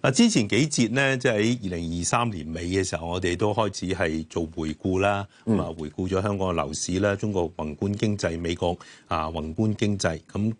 啊！之前幾節咧，即係喺二零二三年尾嘅時候，我哋都開始係做回顧啦。啊，回顧咗香港嘅樓市啦，中國宏觀經濟、美國啊宏觀經濟。咁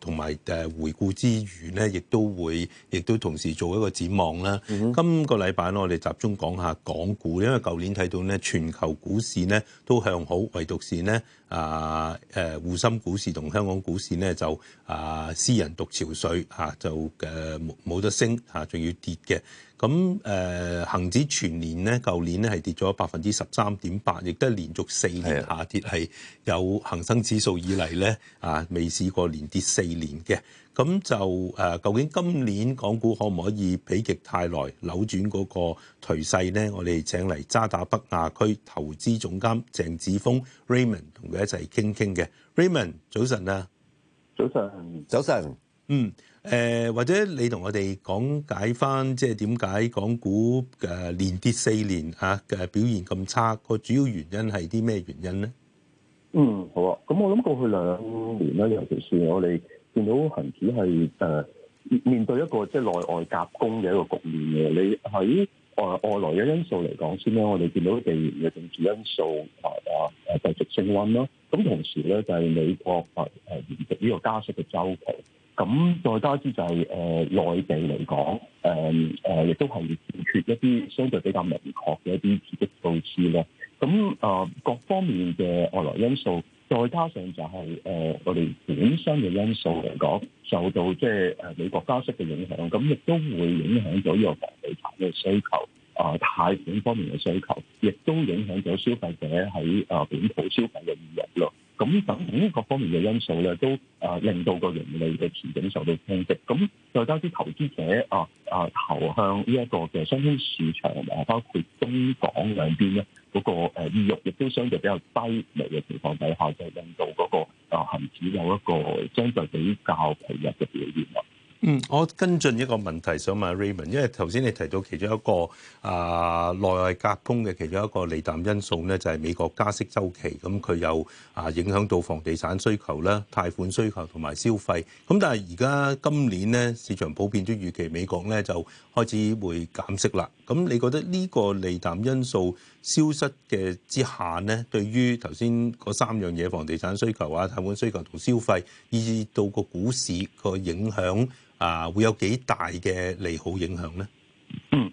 同埋回顧之餘咧，亦都會亦都同時做一個展望啦、嗯。今個禮拜咧，我哋集中講下港股，因為舊年睇到咧，全球股市咧都向好，唯獨是咧啊誒滬深股市同香港股市咧就啊、呃、私人獨潮水就誒冇、呃、冇得升。吓，仲要跌嘅，咁誒、呃，恒指全年咧，舊年咧係跌咗百分之十三點八，亦都係連續四年下跌，係有恒生指數以嚟咧啊，未試過連跌四年嘅。咁就誒、呃，究竟今年港股可唔可以否極泰來扭轉嗰個頹勢呢？我哋請嚟渣打北亞區投資總監鄭子豐 Raymond 同佢一齊傾傾嘅。Raymond，早晨啊！早晨，早晨。嗯，誒或者你同我哋講解翻，即係點解港股誒連跌四年嘅表現咁差？個主要原因係啲咩原因咧？嗯，好啊，咁我諗過去兩年咧，尤其是我哋見到恒指係面對一個即係、就是、內外夾攻嘅一個局面嘅。你喺外外來嘅因素嚟講先啦，我哋見到地緣嘅政治因素啊啊繼續、是、升溫啦。咁同時咧就係美國誒呢個加息嘅周期，咁再加之就係、是、誒、呃、內地嚟講誒誒亦都係欠缺一啲相對比較明確嘅一啲刺激措施咧。咁誒、呃、各方面嘅外來因素，再加上就係誒我哋本身嘅因素嚟講，受到即係誒美國加息嘅影響，咁亦都會影響咗呢個房地產嘅需求誒貸款方面嘅需求，亦、呃、都影響咗消費者喺誒、呃、本土消費嘅。咁等等各方面嘅因素咧，都誒令到個盈利嘅前景受到衝擊。咁再加啲投資者啊啊投向呢一個嘅新興市場，包括中港兩邊咧，嗰、那個意欲亦都相對比較低微嘅情況底下，就令到嗰、那個啊恆指有一個相對比較疲弱嘅表現。嗯，我跟進一個問題，想問 Raymond，因為頭先你提到其中一個啊、呃、內外夾攻嘅其中一個利淡因素咧，就係、是、美國加息週期，咁佢又啊影響到房地產需求啦、貸款需求同埋消費。咁但係而家今年咧，市場普遍都預期美國咧就開始會減息啦。咁你覺得呢個利淡因素消失嘅之下咧，對於頭先嗰三樣嘢，房地產需求啊、貸款需求同消費，以至到個股市個影響？啊，會有幾大嘅利好影響咧？嗯，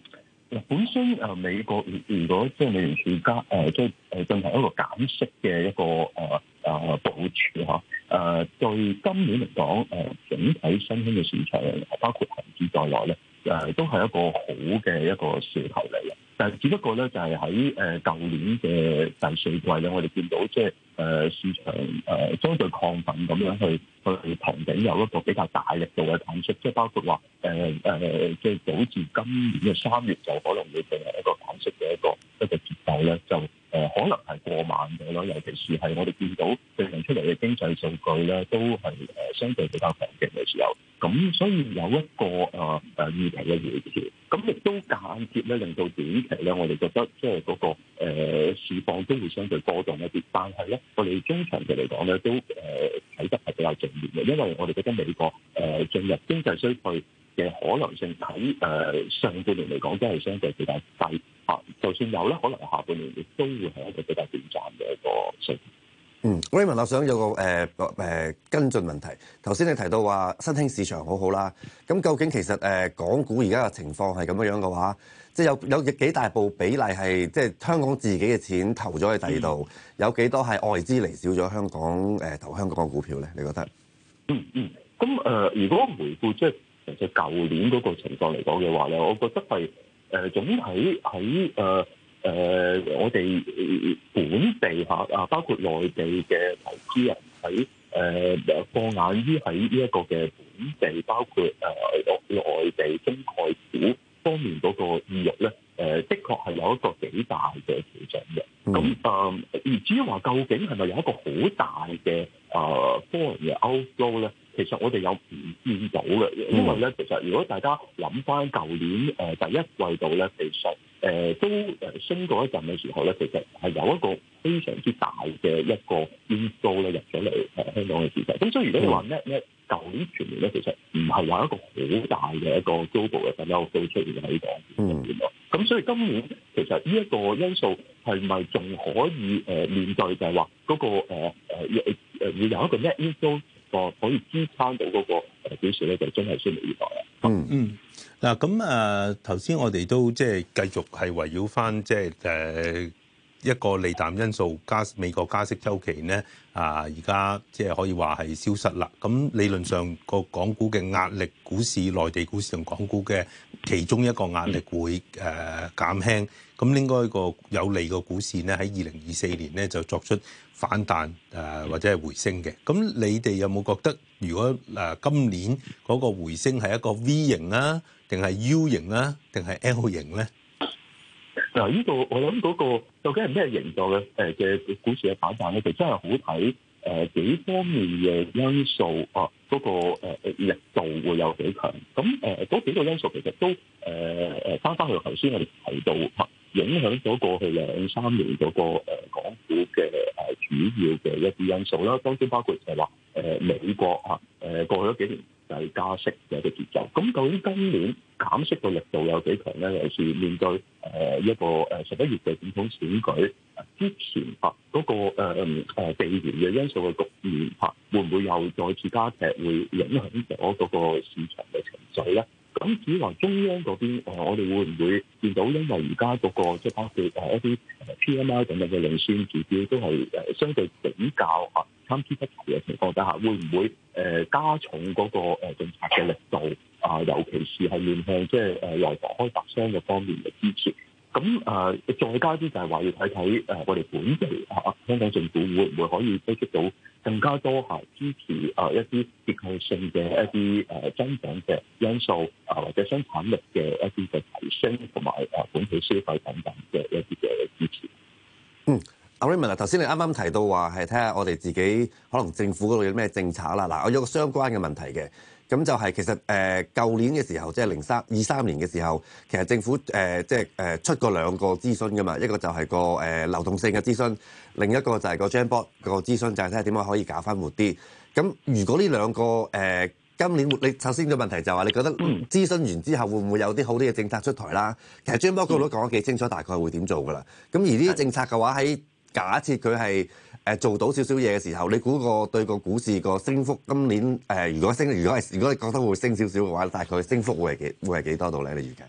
嗱，本身誒美國，如果即係美聯儲加誒，即係誒進行一個減息嘅一個誒誒部署嚇，誒、啊啊啊、對今年嚟講誒，整體新興嘅市場，包括恒指在內咧，誒、啊、都係一個好嘅一個兆頭嚟嘅。但係只不過咧，就係喺誒舊年嘅第四季咧，我哋見到即係。誒、呃、市場誒相、呃、對亢奮咁樣去去盤整，有一個比較大力度嘅減息，即包括話即係早至今年嘅三月就可能會成為一個減息嘅一個一個節奏咧，就。可能係過慢嘅咯，尤其是係我哋見到最近出嚟嘅經濟數據咧，都係誒相對比較強勁嘅時候，咁所以有一個誒誒預期嘅回調，咁亦都間接咧令到短期咧，我哋覺得即係嗰個誒市況都會相對波動一啲，但係咧我哋中長期嚟講咧都誒睇、呃、得係比較重要嘅，因為我哋覺得美國誒進入經濟衰退。嘅可能性喺誒上半年嚟講，都係相對比較低啊！就算有咧，可能下半年亦都會係一個比較短暫嘅一個升、嗯。嗯，Raymond，我想有個誒誒、呃呃、跟進問題。頭先你提到話新興市場好好啦，咁究竟其實誒、呃、港股而家嘅情況係咁樣嘅話，即係有有幾大部比例係即係香港自己嘅錢投咗去第二度，有幾多係外資嚟少咗香港誒、呃、投香港嘅股票咧？你覺得？嗯嗯，咁誒、呃，如果回顧即係。就舊年嗰個情況嚟講嘅話咧，我覺得係誒總體喺誒誒我哋本地嚇啊，包括內地嘅投資人喺誒、呃、放眼於喺呢一個嘅本地，包括誒、呃、內地中概股方面嗰個意欲咧。誒、呃，的確係有一個幾大嘅調整嘅，咁誒、嗯嗯，而至於話究竟係咪有一個好大嘅誒波嘅 outflow 咧，其實我哋有唔見到嘅，因為咧其實如果大家諗翻舊年誒、呃、第一季度咧，其實誒、呃、都誒升過一陣嘅時候咧，其實係有一個非常之大嘅一個 inflow 咧入咗嚟誒香港嘅市場。咁所以如果你話咩咩？嗯舊年全年咧，其實唔係有一個好大嘅一個 global 嘅不憂因素出現喺度，咁所以今年其實呢一個因素係咪仲可以誒存在？就係話嗰個誒誒誒會有一個咩因素個可以支撐到嗰個表示咧，就是真係拭目以待啊！嗯嗯，嗱咁誒頭先我哋都即係繼續係圍繞翻即係誒。一個利淡因素加美國加息週期咧，啊而家即係可以話係消失啦。咁理論上個港股嘅壓力，股市內地股市同港股嘅其中一個壓力會誒減輕。咁應該個有利嘅股市咧喺二零二四年咧就作出反彈誒或者係回升嘅。咁你哋有冇覺得如果誒今年嗰個回升係一個 V 型啊，定係 U 型啊，定係 L 型咧？嗱、這個，呢度我諗嗰個究竟係咩形狀嘅？嘅股市嘅反彈咧，其實真係好睇誒、呃、幾方面嘅因素。嗰、呃這個、呃、力度會有幾強？咁誒，嗰幾個因素其實都誒返翻翻去頭先我哋提到、呃、影響咗過去兩三年嗰、那個、呃、港股嘅、呃、主要嘅一啲因素啦。當然包括就係話、呃、美國、呃、過去咗幾年。就係加息嘅一個節奏，咁究竟今年減息嘅力度有幾強咧？尤其是面對誒一個誒十一月嘅總統選舉，之前啊嗰個誒、嗯、地緣嘅因素嘅局面啊，會唔會又再次加劇，會影響咗嗰個市場嘅情緒咧？咁至於中央嗰邊誒我哋會唔會見到因為而家嗰個即係包括誒一啲 P M I 咁樣嘅領先指標都係誒相對比較啊？三貪不極嘅情況底下，會唔會誒加重嗰個政策嘅力度啊？尤其是係面向即係誒內房開發商嘅方面嘅支持。咁誒再加啲就係話要睇睇誒我哋本地嚇香港政府會唔會可以積極到更加多係支持啊一啲結構性嘅一啲誒增長嘅因素啊，或者生產力嘅一啲嘅提升，同埋誒本地消費等等嘅一啲嘅支持。嗯。阿 Raymond，頭先你啱啱提到話係睇下我哋自己可能政府嗰度有咩政策啦。嗱，我有個相關嘅問題嘅，咁就係其實誒舊、呃、年嘅時候，即係零三二三年嘅時候，其實政府誒、呃、即係誒、呃、出過兩個諮詢噶嘛，一個就係個誒、呃、流動性嘅諮詢，另一個就係個 Jambo 個諮詢，就係睇下點樣可以搞翻活啲。咁如果呢兩個誒、呃、今年活，你首先嘅問題就話、係、你覺得諮詢完之後會唔會有啲好啲嘅政策出台啦？其實 Jambo 嗰度都講得幾清楚，大概會點做噶啦。咁而呢啲政策嘅話喺假設佢係誒做到少少嘢嘅時候，你估個對個股市個升幅今年誒、呃，如果升，如果係如果你覺得會升少少嘅話，大概升幅會係幾會係幾多度咧？你預計？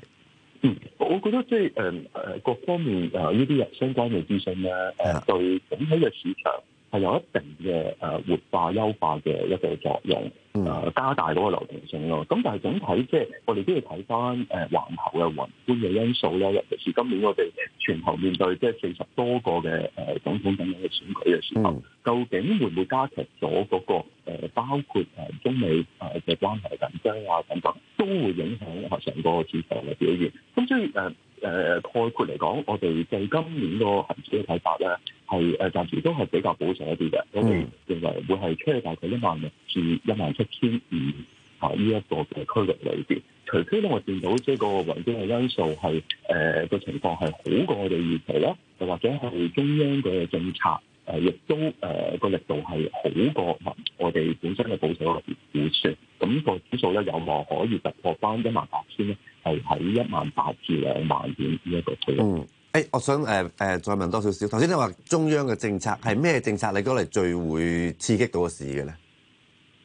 嗯，我覺得即係誒誒各方面誒呢啲相關嘅資訊咧，誒、呃、對整體嘅市場係有一定嘅誒、呃、活化優化嘅一個作用。誒、嗯、加大嗰個流動性咯，咁但係總體即係我哋都要睇翻誒環球嘅宏觀嘅因素咧，尤其是今年我哋全球面對即係四十多個嘅誒總統咁樣嘅選舉嘅時候、嗯，究竟會唔會加劇咗嗰個包括誒中美誒嘅關係緊張啊等等，都會影響成個市場嘅表現。咁所以誒。誒、呃、概括嚟講，我哋對今年個恆指嘅睇法咧，係誒、呃、暫時都係比較保守一啲嘅。我哋認為會係車大概一萬六至一萬七千二啊呢一個嘅區域裏邊。除非咧我見到即係個環境嘅因素係誒個情況係好過我哋預期啦，又或者係中央嘅政策誒亦、呃、都誒個、呃、力度係好過我哋本身嘅保守類別股息，咁、那個指數咧有望可以突破翻一萬八千咧。係喺一萬八至兩萬點呢一個區嗯。嗯、欸，我想誒誒、呃、再問多少少。頭先你話中央嘅政策係咩政策，你都嚟最會刺激到個市嘅咧？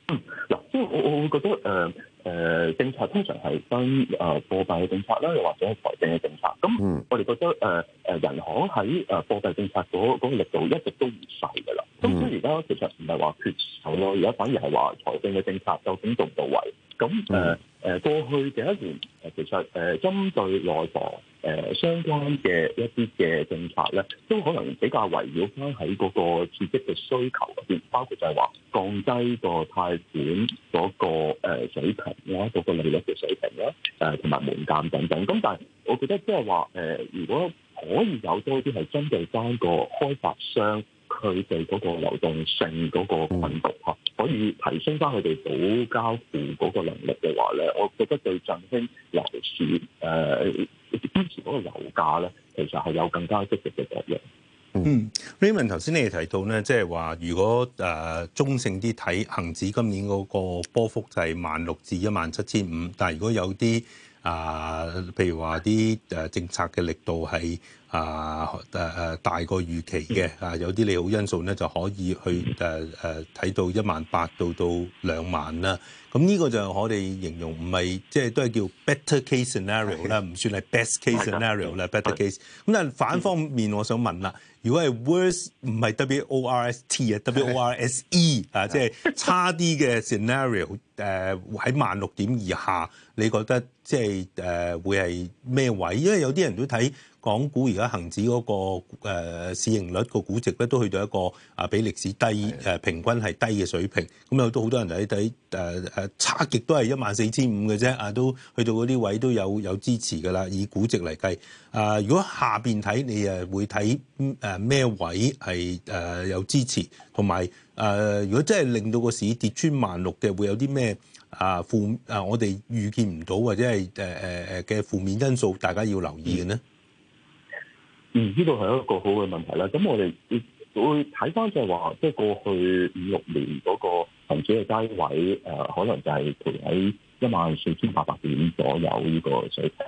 嗯，嗱、嗯，即係我我會覺得誒誒、呃、政策通常係分誒、呃、貨幣嘅政策啦，又或者係財政嘅政策。咁我哋覺得誒誒人行喺誒貨幣政策嗰、嗰個力度一直都唔細嘅啦。咁、嗯、所以而家其實唔係話缺少咯，而家反而係話財政嘅政策究竟到唔到位？咁誒誒過去嘅一年，其實誒、呃、針對內房誒、呃、相關嘅一啲嘅政策咧，都可能比較圍繞翻喺嗰個刺激嘅需求嗰邊，包括就係話降低個貸款嗰個水平、啊，啦，個個利率嘅水平啦、啊，同、呃、埋門檻等等。咁但係，我覺得即係話誒，如果可以有多啲係針對翻個開發商佢哋嗰個流動性嗰個困局。可以提升翻佢哋保交付嗰個能力嘅話咧，我覺得對振興樓市誒支持嗰個樓價咧，其實係有更加積極嘅作用。嗯，Raymond 頭先你係提到咧，即係話如果誒、呃、中性啲睇恒指今年嗰個波幅就係萬六至一萬七千五，但係如果有啲誒、呃、譬如話啲誒政策嘅力度係，啊，啊，大過預期嘅啊，有啲利好因素咧，就可以去誒睇、啊啊、到一萬八到到兩萬啦。咁呢個就我哋形容唔係即係都係叫 better case scenario 啦，唔算係 best case scenario 啦。better case 咁但係反方面，我想問啦，如果係 worse 唔係 w o r s t 啊，w o r s e 啊，即、就、係、是、差啲嘅 scenario 誒喺萬六點以下，你覺得即係誒、呃、會係咩位？因為有啲人都睇。港股而家恒指嗰個市盈率個估值咧，都去到一個啊，比歷史低誒，是平均係低嘅水平。咁有都好多人睇睇誒差極都係一萬四千五嘅啫。啊，都去到嗰啲位都有有支持噶啦。以估值嚟計啊、呃，如果下面睇你誒會睇誒咩位係誒有支持，同埋誒如果真係令到個市跌穿萬六嘅，會有啲咩啊負啊？我哋預見唔到或者係嘅、啊、負面因素，大家要留意嘅呢、嗯嗯，呢個係一個好嘅問題啦。咁我哋會睇返，就係話，即係過去五六年嗰個恒指嘅低位，誒、呃、可能就係徘徊喺一萬四千八百點左右呢個水平。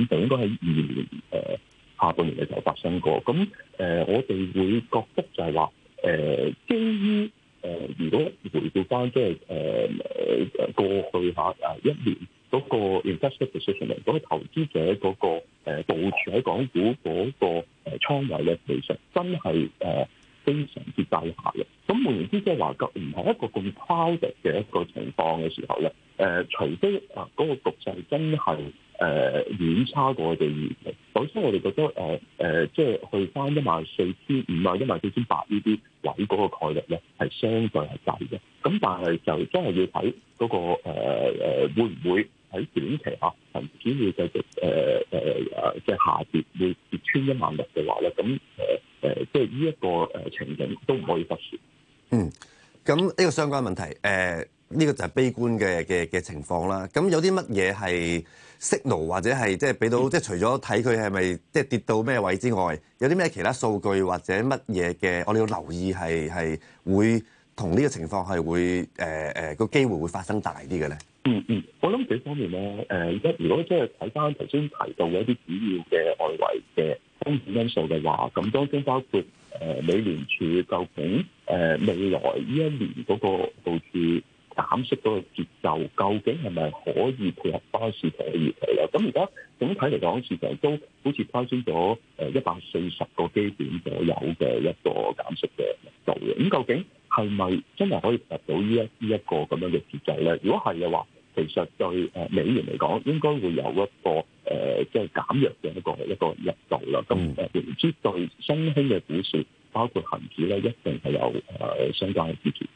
咁就應該喺二年誒、呃、下半年嘅時候發生過。咁、呃、我哋會覺得就係話，誒、呃、基於誒、呃、如果回顧返、就是，即係誒過去嚇一年嗰個 investment position 嚟，咁投資者嗰、那個。誒部署喺港股嗰個誒倉位咧，其實真係誒、呃、非常之低下嘅。咁換言之，即係話咁唔係一個咁誇嘅嘅一個情況嘅時候咧，誒、呃、除非啊嗰個局勢真係誒、呃、遠差過的我哋預期，首先我哋覺得誒誒、呃呃、即係去翻一萬四千五啊、一萬四千八呢啲位嗰個概率咧係相對係低嘅。咁但係就都係要睇嗰、那個誒誒、呃、會唔會？喺短期啊，甚至要繼續誒誒即係下跌要跌，跌穿一萬六嘅話咧，咁誒誒，即係呢一個誒情景都唔可以忽視。嗯，咁呢個相關問題，誒、呃、呢、呢個就係悲觀嘅嘅嘅情況啦。咁有啲乜嘢係 signal 或者係即係俾到，即、嗯、係除咗睇佢係咪即係跌到咩位之外，有啲咩其他數據或者乜嘢嘅，我哋要留意係係會同呢個情況係會誒誒個機會會發生大啲嘅咧？嗯嗯，我諗呢方面咧，誒而家如果即係睇翻頭先提到嘅一啲主要嘅外圍嘅風險因素嘅話，咁當中包括誒美聯儲究竟誒未來呢一年嗰個導致減息嗰個節奏，究竟係咪可以配合翻市場嘅預期咧？咁而家整體嚟講，市場都好似攀升咗誒一百四十個基點左右嘅一個減息嘅度嘅，咁究竟，係咪真係可以達到呢一呢一,一個咁樣嘅節制咧？如果係嘅話，其實對誒美元嚟講，應該會有一個誒即係減弱嘅一個一個力度啦。咁誒，然、呃、之對新興嘅股市，包括恒指咧，一定係有誒、呃、相關嘅支持。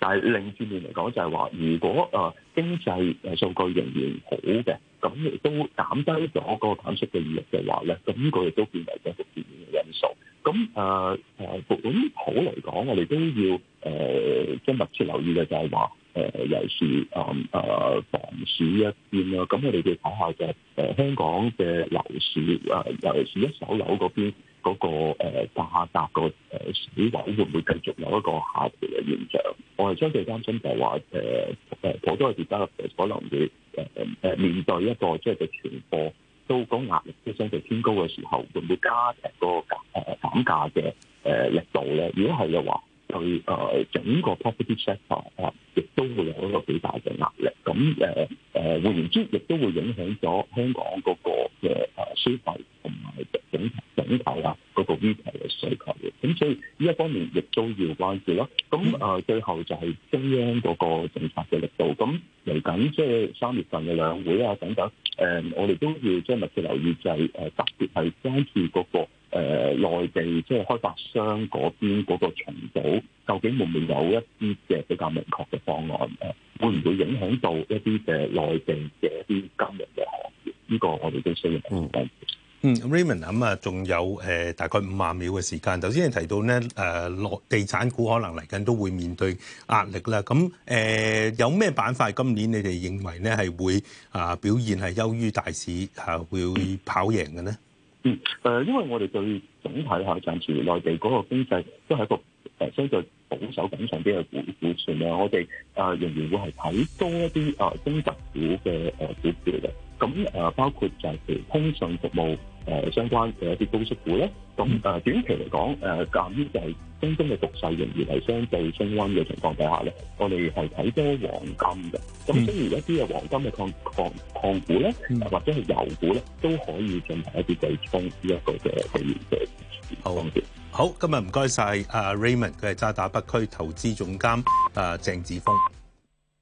但係另一面嚟講，就係話，如果誒、呃、經濟誒數據仍然好嘅，咁亦都減低咗個減息嘅意欲嘅話咧，咁佢亦都變為一個正面嘅因素。咁誒誒，咁好嚟講，我哋都要。誒、呃，即係密切留意嘅就係話，由、呃、尤其是啊、呃、房市一邊啦。咁我哋要睇下就係誒香港嘅樓市啊、呃，尤其是一手樓嗰邊嗰個價格個誒市位會唔會繼續有一個下跌嘅現象？我係相對擔心就係話，誒誒好多時家可能會誒面對一個即係嘅存貨都講壓力即係相對偏高嘅時候，會唔會加劇嗰個減價嘅力度咧？如果係嘅話，佢整個 property sector 啊，亦都會有一個幾大嘅壓力。咁誒誒換言之亦都會影響咗香港嗰個嘅誒消費同埋整整體啊嗰個需求嘅。咁所以呢一方面亦都要關注咯。咁最後就係中央嗰個政策嘅力度。咁嚟緊即係三月份嘅兩會啊等等。誒我哋都要即係密切留意、就是，就係誒特別係關注嗰個。誒、呃、內地即係開發商嗰邊嗰，那個重組，究竟會唔會有一啲嘅比較明確嘅方案？誒會唔會影響到一啲嘅內地嘅一啲金融嘅行業？呢，這個我哋都需要嗯嗯 Raymond 咁啊，仲有誒，呃、大概五萬秒嘅時間。頭先你提到呢，誒、呃，內地產股可能嚟緊都會面對壓力啦。咁誒，呃、有咩板塊今年你哋認為呢係會啊、呃、表現係優於大市啊，呃、會跑贏嘅呢？嗯嗯、呃，因為我哋對總體嚇暫時內地嗰個經濟都係一個相對、呃、保守咁上邊嘅股股權我哋、呃、仍然會係睇多一啲誒中特股嘅誒股票嘅，咁、呃呃、包括就係、譬如、通訊服務。誒相關嘅一啲高息股咧，咁誒短期嚟講，誒鑑於就係中東嘅局勢仍然係相對升温嘅情況底下咧，我哋係睇多黃金嘅，咁雖然一啲嘅黃金嘅抗抗抗股咧，或者係油股咧，都可以進行一啲對沖呢一個嘅睇面嘅。好，好，今日唔該曬，阿 Raymond 佢係渣打北亞區投資總監，誒鄭子豐。